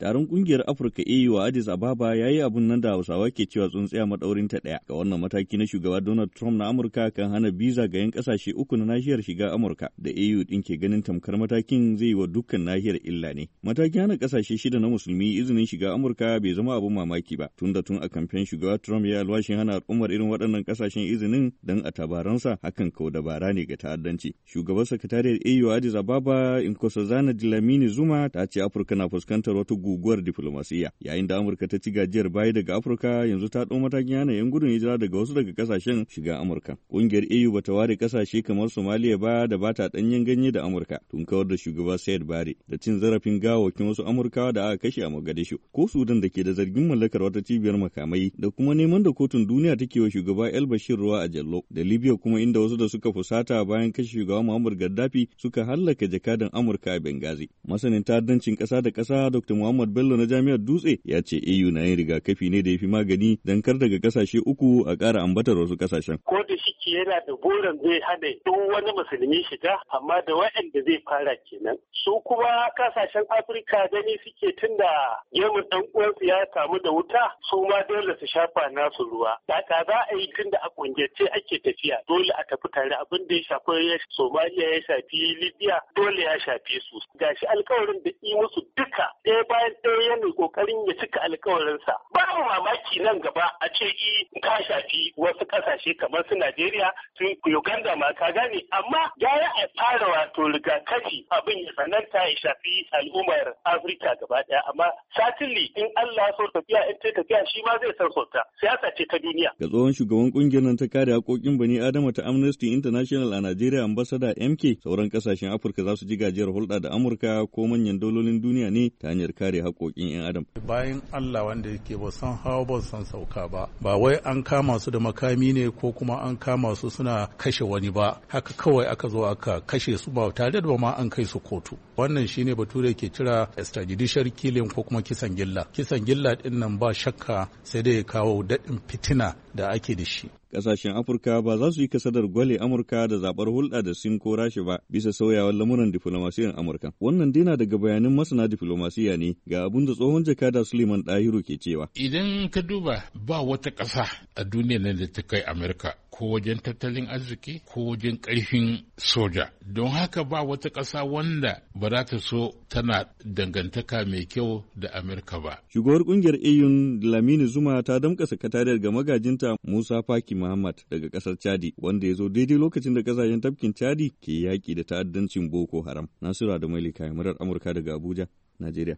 Taron kungiyar Afirka AU a Addis Ababa ya yi abun nan da Hausawa ke cewa tsuntsiya ta ɗaya ga wannan mataki na shugaba Donald Trump na Amurka kan hana biza ga 'yan ƙasashe uku na nahiyar shiga Amurka da AU ɗin ke ganin tamkar matakin zai yi wa dukkan nahiyar illa ne. Matakin hana ƙasashe shida na musulmi izinin shiga Amurka bai zama abun mamaki ba tun da tun a kamfen shugaba Trump ya alwashin hana al'ummar irin waɗannan ƙasashen izinin don a tabaransa hakan kau dabara ne ga ta'addanci. Shugaban sakatariyar AU a Addis Ababa Nkosazana Dlamini Zuma ta ce Afirka na fuskantar wata guguwar diflomasiyya yayin da Amurka ta ci gajiyar baya daga Afirka yanzu ta ɗau matakin hana 'yan gudun hijira daga wasu daga kasashen shiga Amurka. Ƙungiyar EU ba ta ware kasashe kamar somaliya ba da ba ta ɗanyen ganye da Amurka tun kawar da shugaba Said Bare da cin zarafin gawakin wasu Amurkawa da aka kashe a Mogadishu ko Sudan da ke da zargin mallakar wata cibiyar makamai da kuma neman da kotun duniya take wa shugaba El Bashir ruwa a Jallo da Libya kuma inda wasu da suka fusata bayan kashe shugaba muhammad Gaddafi suka hallaka jakadan Amurka a Benghazi. Masanin ta'addancin ƙasa da kasa Dr. Muhammad Muhammad Bello na Jami'ar Dutse ya ce EU na yin rigakafi ne da ya fi magani don kar daga kasashe uku a ƙara ambatar wasu kasashen. Ko da shi yana da burin zai hana duk wani musulmi shiga amma da waɗanda zai fara kenan. Su kuma kasashen Afirka gani suke tun da gemun ɗan uwansu ya samu da wuta su ma dole su shafa nasu ruwa. ta za a yi tun da a ƙungiyarce ake tafiya dole a tafi tare abin da ya shafi Somaliya ya shafi Libya dole ya shafi su. Gashi alkawarin da yi musu duka ɗaya bayan ɗaya ne ƙoƙarin ya cika alkawarinsa. babu mamaki nan gaba a ce i ka shafi wasu kasashe kamar su Najeriya su Uganda ma ka gane amma gara a fara wato rigakafi abin ya sananta ya shafi al'ummar Afirka gaba daya amma satinli in Allah so tafiya in ta tafiya shi ma zai sassauta siyasa ce ta duniya. Ga tsohon shugaban kungiyar nan ta kare haƙoƙin bani Adama ta Amnesty International a Najeriya ambasada MK sauran kasashen Afirka za su ji gajiyar hulɗa da Amurka ko manyan dalolin duniya ne ta hanyar kare haƙoƙin 'yan Adam. Bayan Allah wanda yake ba san hawa ba san sauka ba ba wai an kama su da makami ne ko kuma an kama su suna kashe wani ba haka kawai aka zo aka kashe su ba tare da ma an kai su kotu wannan shine bature ke kira extrajudicial killing ko kuma kisan gilla kisan gilla din nan ba shakka sai dai ya kawo daɗin fitina da ake da shi Ƙasashen Afirka ba za su yi kasadar gwale Amurka da zabar hulɗa da sin ko rashi ba bisa sauyawar lamuran diflomasiyan Amurka. Wannan dina daga bayanin masana diflomasiya ne ga abin da tsohon jakada Suleiman Dahiru ke cewa. Idan ka duba ba wata ƙasa a duniya nan da ta kai Amurka ko wajen tattalin arziki ko wajen ƙarfin soja don haka ba wata ƙasa wanda ba za ta so tana dangantaka mai kyau da amurka ba shugabar ƙungiyar iyun lamini zuma ta damƙa sakatariyar ga magajinta musa faki muhammad daga ƙasar chadi wanda ya zo daidai lokacin da ƙasashen tafkin chadi ke yaƙi da ta'addancin boko haram nasiru da mailika murar amurka daga abuja najeriya